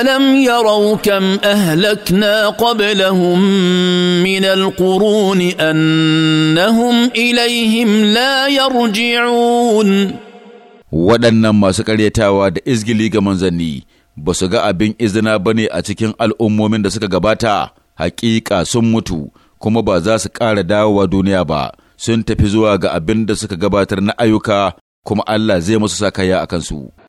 الم يروا كم اهلكنا قبلهم من القرون ilaihim اليهم لا يرجعون waɗannan masu ƙaryatawa da izgili ga manzanni ba su ga abin izina ba ne a cikin al'ummomin da suka gabata haƙiƙa sun mutu kuma ba za su ƙara dawowa duniya ba sun tafi zuwa ga abin da suka gabatar na ayyuka kuma Allah zai musu sakaya a kansu.